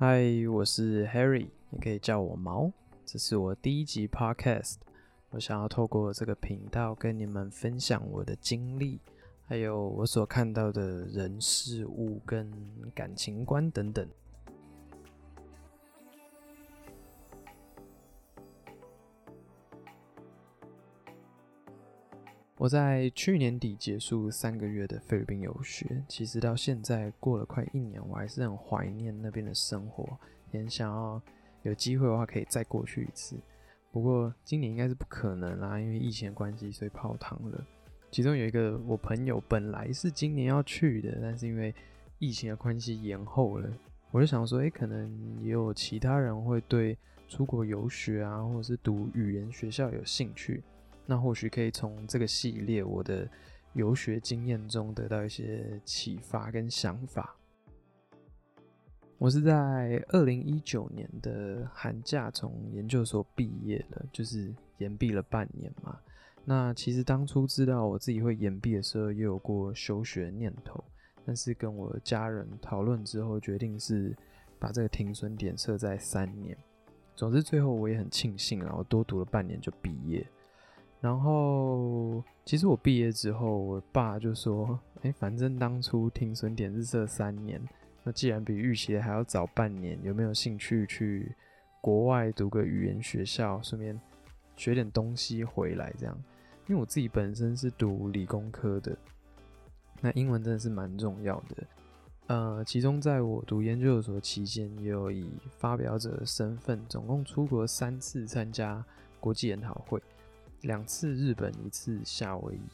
嗨，Hi, 我是 Harry，你可以叫我毛。這是我第一集 Podcast，我想要透過這個頻道跟你們分享我的經歷，還有我所看到的人事物跟感情觀等等。我在去年底結束三個月的菲律賓遊學，其實到現在過了快一年，我還是很懷念那邊的生活，也想要有機會的話可以再過去一次。不過今年應該是不可能啦，因為疫情的關係，所以泡湯了。其中有一個我朋友本來是今年要去的，但是因為疫情的關係延後了。我就想說，誒、欸，可能也有其他人會對出國遊學啊，或者是讀語言學校有興趣。那或許可以從這個系列我的遊學經驗中得到一些啟發跟想法。我是在二零一九年的寒假從研究所畢業了，就是延畢了半年嘛。那其實當初知道我自己會延畢的時候，也有過休學念頭，但是跟我的家人討論之後，決定是把這個停損點設在三年。總之，最後我也很慶幸，然後多讀了半年就畢業。然後，其實我畢業之後，我爸就說：“哎，反正當初停損點是設三年，那既然比預期的還要早半年，有沒有興趣去國外讀個語言學校，順便學點東西回來這樣。因為我自己本身是讀理工科的，那英文真的是蠻重要的。呃，其中在我讀研究所期間，也有以發表者的身份，總共出國三次，參加國際研討會。”兩次日本，一次夏威夷。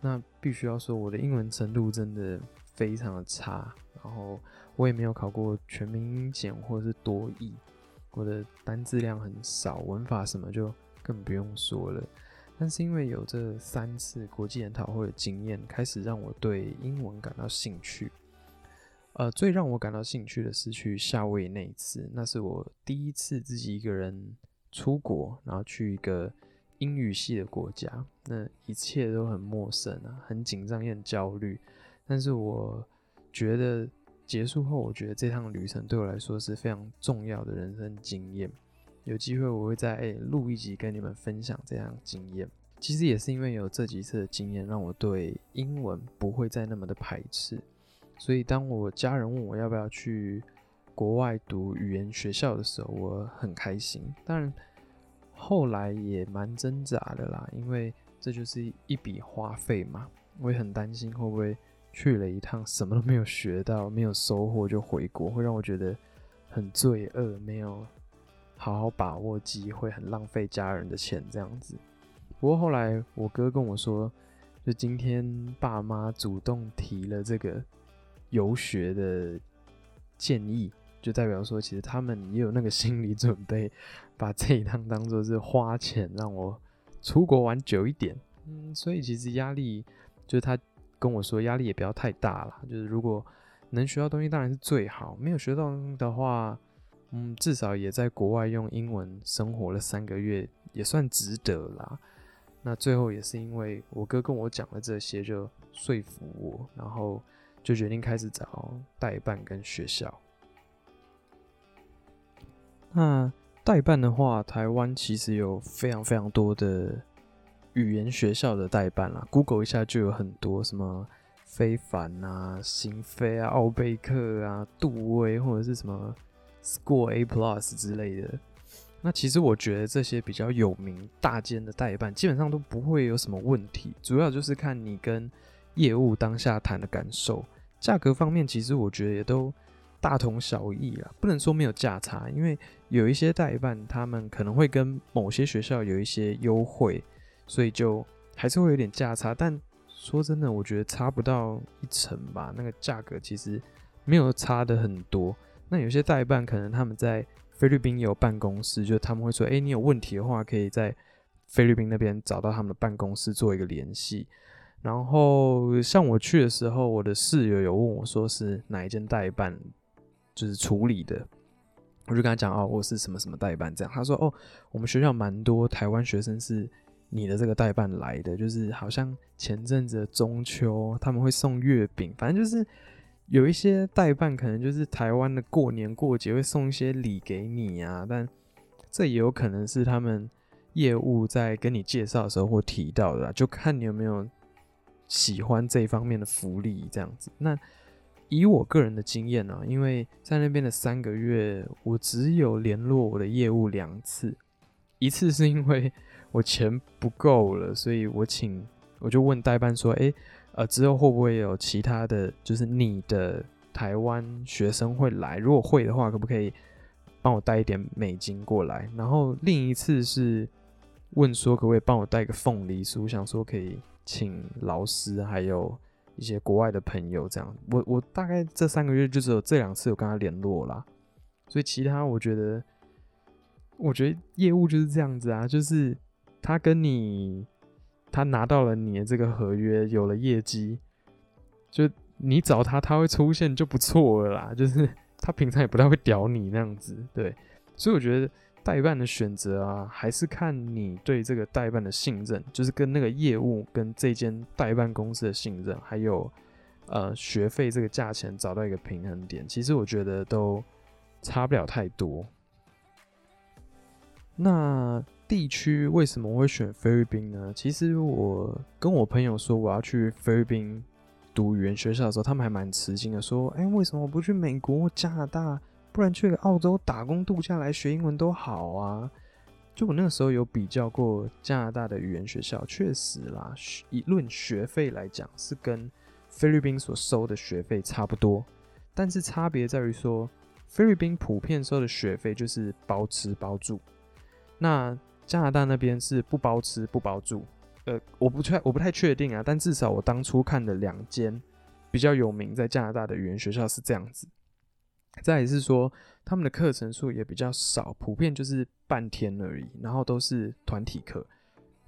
那必須要說，我的英文程度真的非常的差。然後我也沒有考過全民英檢或者是多益，我的單字量很少，文法什麼就更不用說了。但是因為有這三次國際研討會的經驗，開始讓我對英文感到興趣。呃，最讓我感到興趣的是去夏威夷那一次，那是我第一次自己一個人出國，然後去一個英語系的國家，那一切都很陌生啊，很緊張也很焦慮。但是我覺得結束後，我覺得這趟旅程對我來說是非常重要的人生經驗。有機會我會再、欸、錄一集跟你們分享這樣經驗。其實也是因為有這幾次的經驗，讓我對英文不會再那麼的排斥。所以當我家人問我要不要去國外讀語言學校的時候，我很開心。當然。後來也蠻掙扎的啦，因為這就是一筆花費嘛。我也很擔心會不會去了一趟什麼都沒有學到，沒有收穫就回國，會讓我覺得很罪惡，沒有好好把握機會，很浪費家人的錢這樣子。不過後來我哥跟我說，就今天爸媽主動提了這個遊學的建議，就代表說，其實他們也有那個心理準備，把這一趟當做是花錢讓我出國玩久一點。嗯，所以其實壓力就是他跟我說，壓力也不要太大啦，就是如果能學到東西，當然是最好；沒有學到的話，嗯，至少也在國外用英文生活了三個月，也算值得啦。那最後也是因為我哥跟我講了這些，就說服我，然後就決定開始找代辦跟學校。那代辦的話，台灣其實有非常非常多的語言學校的代辦啦。Google 一下就有很多什麼非凡啊、新飛啊、奧貝克啊、杜威或者是什麼 Score A Plus 之類的。那其實我覺得這些比較有名大間的代辦基本上都不會有什麼問題，主要就是看你跟業務當下談的感受。價格方面，其實我覺得也都。大同小異啦，不能說沒有價差，因為有一些代辦，他們可能會跟某些學校有一些優惠，所以就還是會有點價差。但說真的，我覺得差不到一成吧，那個價格其實沒有差的很多。那有些代辦可能他們在菲律賓也有辦公室，就他們會說，哎、欸，你有問題的話，可以在菲律賓那邊找到他們的辦公室做一個聯繫。然後像我去的時候，我的室友有問我說是哪一間代辦。就是處理的，我就跟他講哦，我是什麼什麼代辦這樣。他說哦，我們學校蠻多台灣學生是你的這個代辦來的，就是好像前陣子中秋他們會送月餅，反正就是有一些代辦可能就是台灣的過年過節會送一些禮給你啊，但這也有可能是他們業務在跟你介紹的時候或提到的啦，就看你有沒有喜歡這方面的福利這樣子。那。以我個人的經驗呢、啊，因為在那邊的三個月，我只有聯絡我的業務兩次，一次是因為我錢不夠了，所以我請我就問代辦說，哎、欸，呃，之後會不會有其他的，就是你的台灣學生會來，如果會的話，可不可以幫我帶一點美金過來？然後另一次是問說，可不可以幫我帶個鳳梨酥，我想說可以請老師還有。一些國外的朋友這樣，我我大概這三個月就只有這兩次有跟他聯絡了啊，所以其他我覺得，我覺得業務就是這樣子啊，就是他跟你他拿到了你的這個合約，有了業績，就你找他，他會出現就不錯了啦，就是他平常也不太會屌你那樣子，對，所以我覺得。代辦的選擇啊，還是看你對這個代辦的信任，就是跟那個業務跟這間代辦公司的信任，還有，呃，學費這個價錢找到一個平衡點。其實我覺得都差不了太多。那地區為什麼會選菲律賓呢？其實我跟我朋友說我要去菲律賓讀語言學校的時候，他們還蠻吃驚的，說，誒，為什麼我不去美國、加拿大？不然去澳洲打工度假來學英文都好啊！就我那個時候有比較過加拿大的語言學校，確實啦，以論學費來講是跟菲律賓所收的學費差不多，但是差別在於說菲律賓普遍收的學費就是包吃包住，那加拿大那邊是不包吃不包住。呃，我不確，我不太確定啊，但至少我當初看的兩間比較有名在加拿大的語言學校是這樣子。再來是說，他們的課程數也比較少，普遍就是半天而已，然後都是團體課。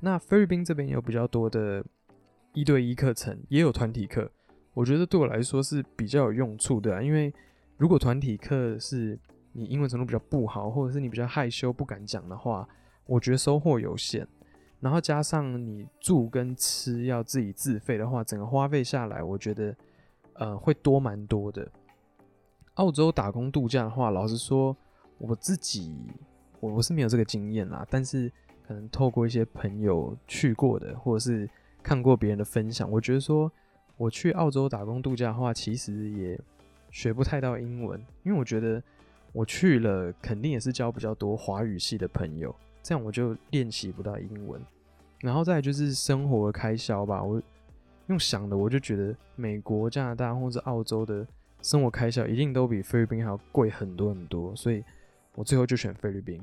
那菲律賓這邊有比較多的一對一課程，也有團體課。我覺得對我來說是比較有用處的，因為如果團體課是你英文程度比較不好，或者是你比較害羞不敢講的話，我覺得收穫有限。然後加上你住跟吃要自己自費的話，整個花費下來，我覺得呃會多蠻多的。澳洲打工度假的話，老實說，我自己我我是沒有這個經驗啦，但是可能透過一些朋友去過的，或者是看過別人的分享，我覺得說我去澳洲打工度假的話，其實也學不太到英文，因為我覺得我去了肯定也是交比較多華語系的朋友，這樣我就練習不到英文。然後再來就是生活的開銷吧，我用想的我就覺得美國、加拿大或者澳洲的。生活開銷一定都比菲律賓還要貴很多很多，所以我最後就選菲律賓。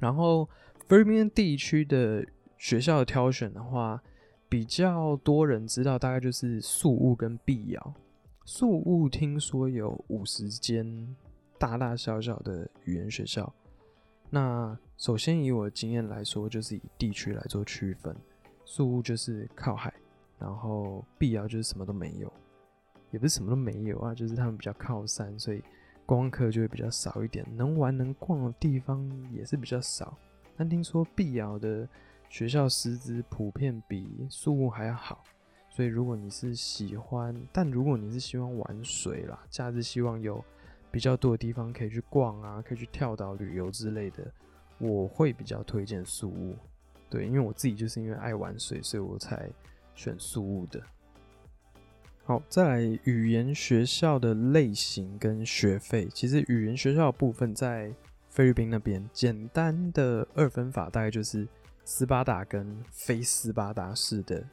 然後菲律賓地區的學校的挑選的話，比較多人知道大概就是宿務跟碧瑤。宿務聽說有五十間大大小小的語言學校。那首先以我的經驗來說，就是以地區來做區分。宿務就是靠海，然後碧瑤就是什麼都沒有。也不是什麼都沒有啊，就是他們比較靠山，所以觀光客就會比較少一點，能玩能逛的地方也是比較少。但聽說碧瑤的學校師資普遍比宿霧還要好，所以如果你是喜歡，但如果你是喜歡玩水啦，假日希望有比較多的地方可以去逛啊，可以去跳島旅遊之類的，我會比較推薦宿霧。對，因為我自己就是因為愛玩水，所以我才選宿霧的。好，再來語言學校的類型跟學費。其實語言學校的部分在菲律賓那邊，簡單的二分法大概就是斯巴達跟非斯巴達式的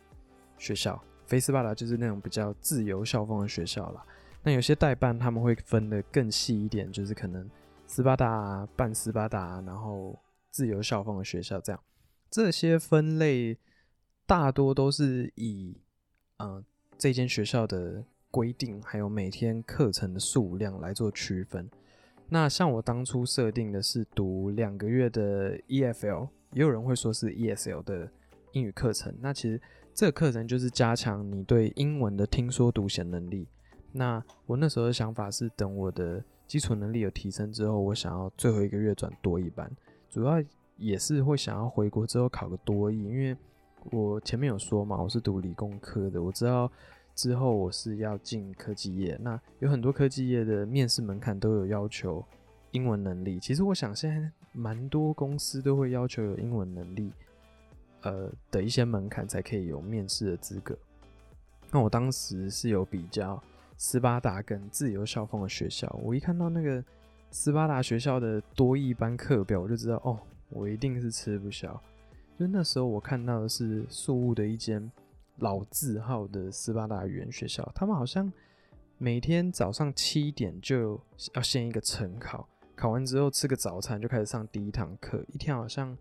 學校。非斯巴達就是那種比較自由校風的學校啦。那有些代辦他們會分得更細一點，就是可能斯巴達、半斯巴達，然後自由校風的學校這樣。這些分類大多都是以嗯。呃這間學校的規定，還有每天課程的數量來做區分。那像我當初設定的是讀兩個月的 EFL，也有人會說是 ESL 的英語課程。那其實這個課程就是加強你對英文的聽說讀寫能力。那我那時候的想法是，等我的基礎能力有提升之後，我想要最後一個月轉多益班，主要也是會想要回國之後考個多益，因為。我前面有說嘛，我是讀理工科的，我知道之後我是要進科技業。那有很多科技業的面試門檻都有要求英文能力。其實我想現在蠻多公司都會要求有英文能力，呃的一些門檻才可以有面試的資格。那我當時是有比較斯巴達跟自由校風的學校，我一看到那個斯巴達學校的多益班課表，我就知道哦，我一定是吃不消。就那時候，我看到的是宿霧的一間老字號的斯巴達語言學校，他們好像每天早上七點就要先一個晨考，考完之後吃個早餐就開始上第一堂課，一天好像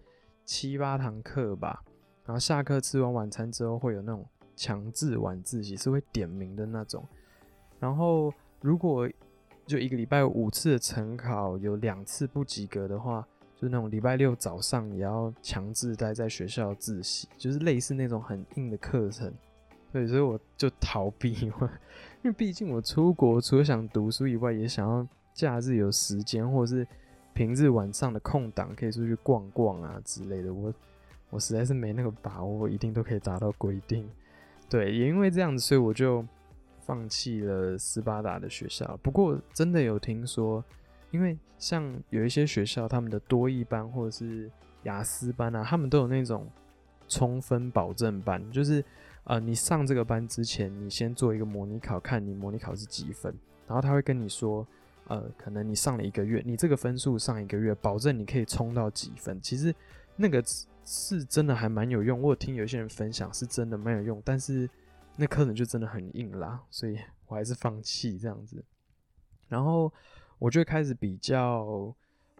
七八堂課吧，然後下課吃完晚餐之後會有那種強制晚自習，是會點名的那種，然後如果就一個禮拜五次的晨考有兩次不及格的話。就那種禮拜六早上也要強制待在學校自習，就是類似那種很硬的課程。對，所以我就逃避，因為畢竟我出國除了想讀書以外，也想要假日有時間，或者是平日晚上的空檔可以出去逛逛啊之類的。我我實在是沒那個把握，我一定都可以達到規定。對，也因為這樣子，所以我就放棄了斯巴達的學校。不過真的有聽說。因為像有一些學校，他們的多益班或者是雅思班啊，他們都有那種充分保證班，就是呃，你上這個班之前，你先做一個模擬考，看你模擬考是幾分，然後他會跟你說，呃，可能你上了一個月，你這個分數上一個月，保證你可以衝到幾分。其實那個是真的還蠻有用，我有聽有些人分享是真的蠻有用，但是那課程就真的很硬啦，所以我還是放棄這樣子，然後。我就開始比較，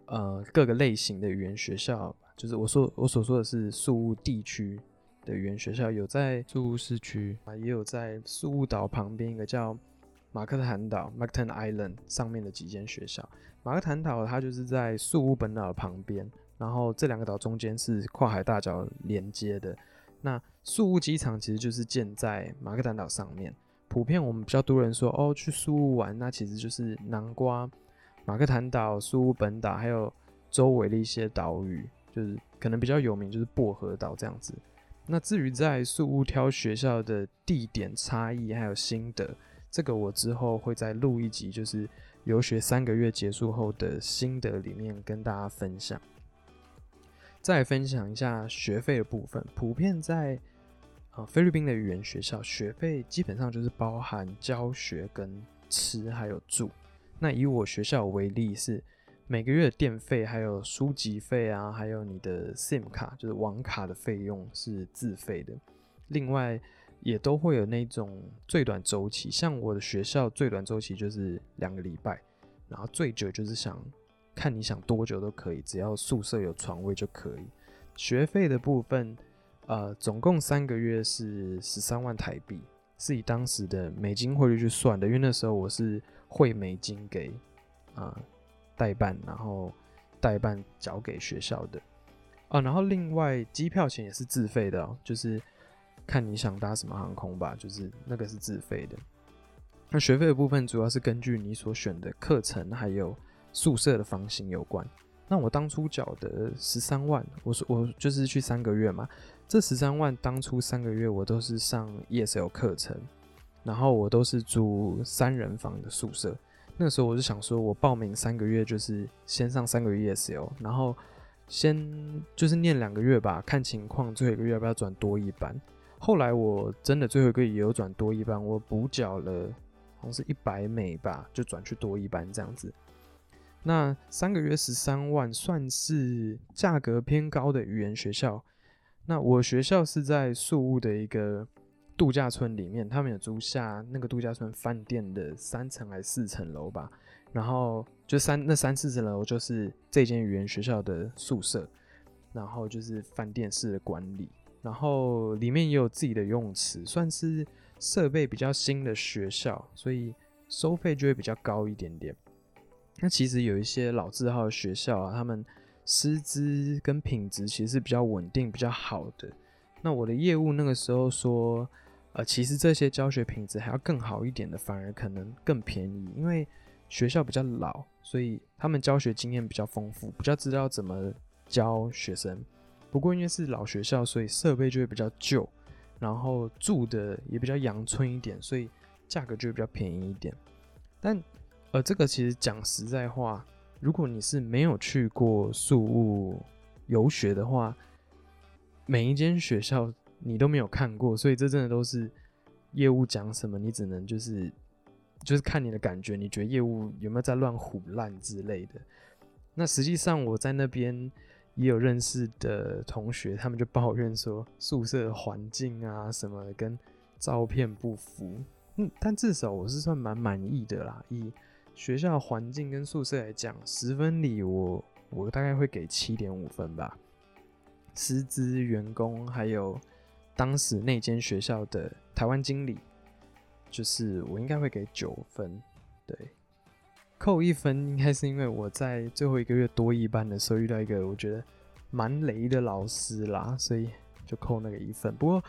呃，各個類型的語言學校，就是我說我所說的是宿霧地區的語言學校，有在宿霧市區啊，也有在宿霧島旁邊一個叫馬克坦島 Mactan Island 上面的幾間學校。馬克坦島它就是在宿霧本島旁邊，然後這兩個島中間是跨海大橋連接的。那宿霧機場其實就是建在馬克坦島上面。普遍我們比較多人說，哦，去宿霧玩，那其實就是南瓜。馬克坦島、宿霧本島，還有周圍的一些島嶼，就是可能比較有名，就是薄荷島這樣子。那至於在宿霧挑學校的地點差異還有心得，這個我之後會再錄一集，就是遊學三個月結束後的心得裡面跟大家分享。再分享一下學費的部分，普遍在呃菲律賓的語言學校，學費基本上就是包含教學、跟吃還有住。那以我學校為例，是每個月的電費、還有書籍費啊，還有你的 SIM 卡，就是網卡的費用是自費的。另外也都會有那種最短周期，像我的學校最短周期就是兩個禮拜，然後最久就是想看你想多久都可以，只要宿舍有床位就可以。學費的部分，呃，總共三個月是十三萬台幣。是以當時的美金匯率去算的，因為那時候我是匯美金給啊、呃、代辦，然後代辦交給學校的啊、哦。然後另外機票錢也是自費的、哦，就是看你想搭什麼航空吧，就是那個是自費的。那學費的部分主要是根據你所選的課程還有宿舍的房型有關。那我當初繳的十三萬，我說我就是去三個月嘛，這十三萬當初三個月我都是上 ESL 課程，然後我都是住三人房的宿舍。那時候我就想說，我報名三個月就是先上三個月 ESL，然後先就是念兩個月吧，看情況，最後一個月要不要轉多一班。後來我真的最後一個月也有轉多一班，我補繳了，好像是一百美吧，就轉去多一班這樣子。那三個月十三萬算是價格偏高的語言學校。那我學校是在宿霧的一個度假村裡面，他們有租下那個度假村飯店的三層還是四層樓吧。然後就三那三四層樓就是這間語言學校的宿舍，然後就是飯店式的管理，然後裡面也有自己的游泳池，算是設備比較新的學校，所以收費就會比較高一點點。那其實有一些老字號的學校啊，他們師資跟品質其實是比較穩定，比較好的。那我的業務那個時候說，呃，其實這些教學品質還要更好一點的，反而可能更便宜，因為學校比較老，所以他們教學經驗比較豐富，比較知道怎麼教學生。不過因為是老學校，所以設備就會比較舊，然後住的也比較陽春一點，所以價格就會比較便宜一點。但呃，這個其實講實在話，如果你是沒有去過宿霧遊學的話，每一間學校你都沒有看過，所以這真的都是業務講什麼，你只能就是就是看你的感覺，你覺得業務有沒有在亂唬爛之類的。那實際上我在那邊也有認識的同學，他們就抱怨說宿舍環境啊什麼的跟照片不符。嗯，但至少我是算蠻滿意的啦。以學校環境跟宿舍來講，十分裡我我大概會給七點五分吧。師資員工還有當時那間學校的台灣經理，就是我應該會給九分。對，扣一分應該是因為我在最後一個月多一半的時候遇到一個我覺得蠻雷的老師啦，所以就扣那個一分。不過，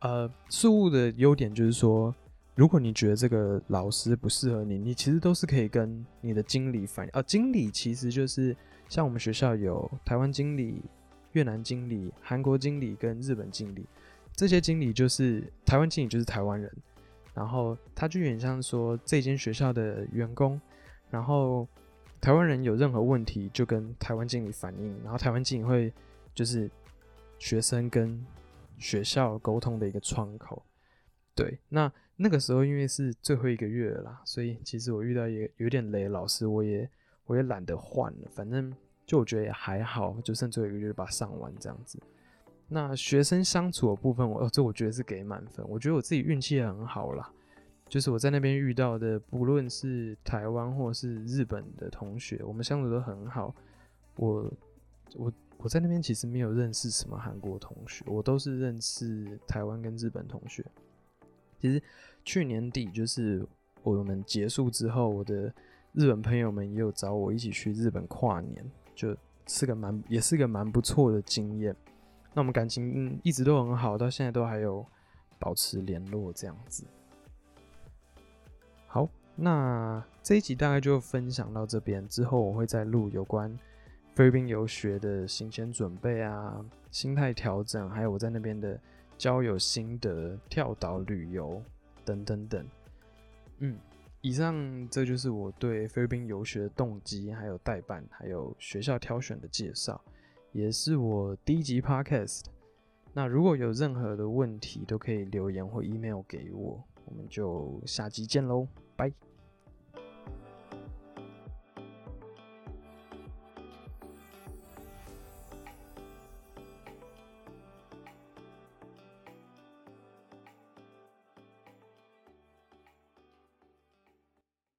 呃，宿霧的優點就是說。如果你覺得這個老師不適合你，你其實都是可以跟你的經理反映。哦，經理其實就是像我們學校有台灣經理、越南經理、韓國經理跟日本經理，這些經理就是台灣經理就是台灣人，然後他就有點像說這間學校的員工，然後台灣人有任何問題就跟台灣經理反映，然後台灣經理會就是學生跟學校溝通的一個窗口。對，那。那個時候因為是最後一個月了啦，所以其實我遇到一個有點雷老師我，我也我也懶得換了，反正就我覺得也還好，就剩最後一個月把它上完這樣子。那學生相處的部分，我這、哦、我覺得是給滿分，我覺得我自己運氣也很好啦，就是我在那邊遇到的，不論是台灣或是日本的同學，我們相處都很好。我我我在那邊其實沒有認識什麼韓國同學，我都是認識台灣跟日本同學。其實去年底就是我們結束之後，我的日本朋友們也有找我一起去日本跨年，就是個蠻也是個蠻不錯的經驗。那我們感情一直都很好，到現在都還有保持聯絡這樣子。好，那這一集大概就分享到這邊，之後我會再錄有關菲律賓遊學的行前準備啊、心態調整，還有我在那邊的。交友心得、跳島旅遊等等等。嗯，以上這就是我對菲律賓遊學的動機，還有代辦，還有學校挑選的介紹，也是我第一集 podcast。那如果有任何的問題，都可以留言或 email 給我。我們就下集見嘍，拜。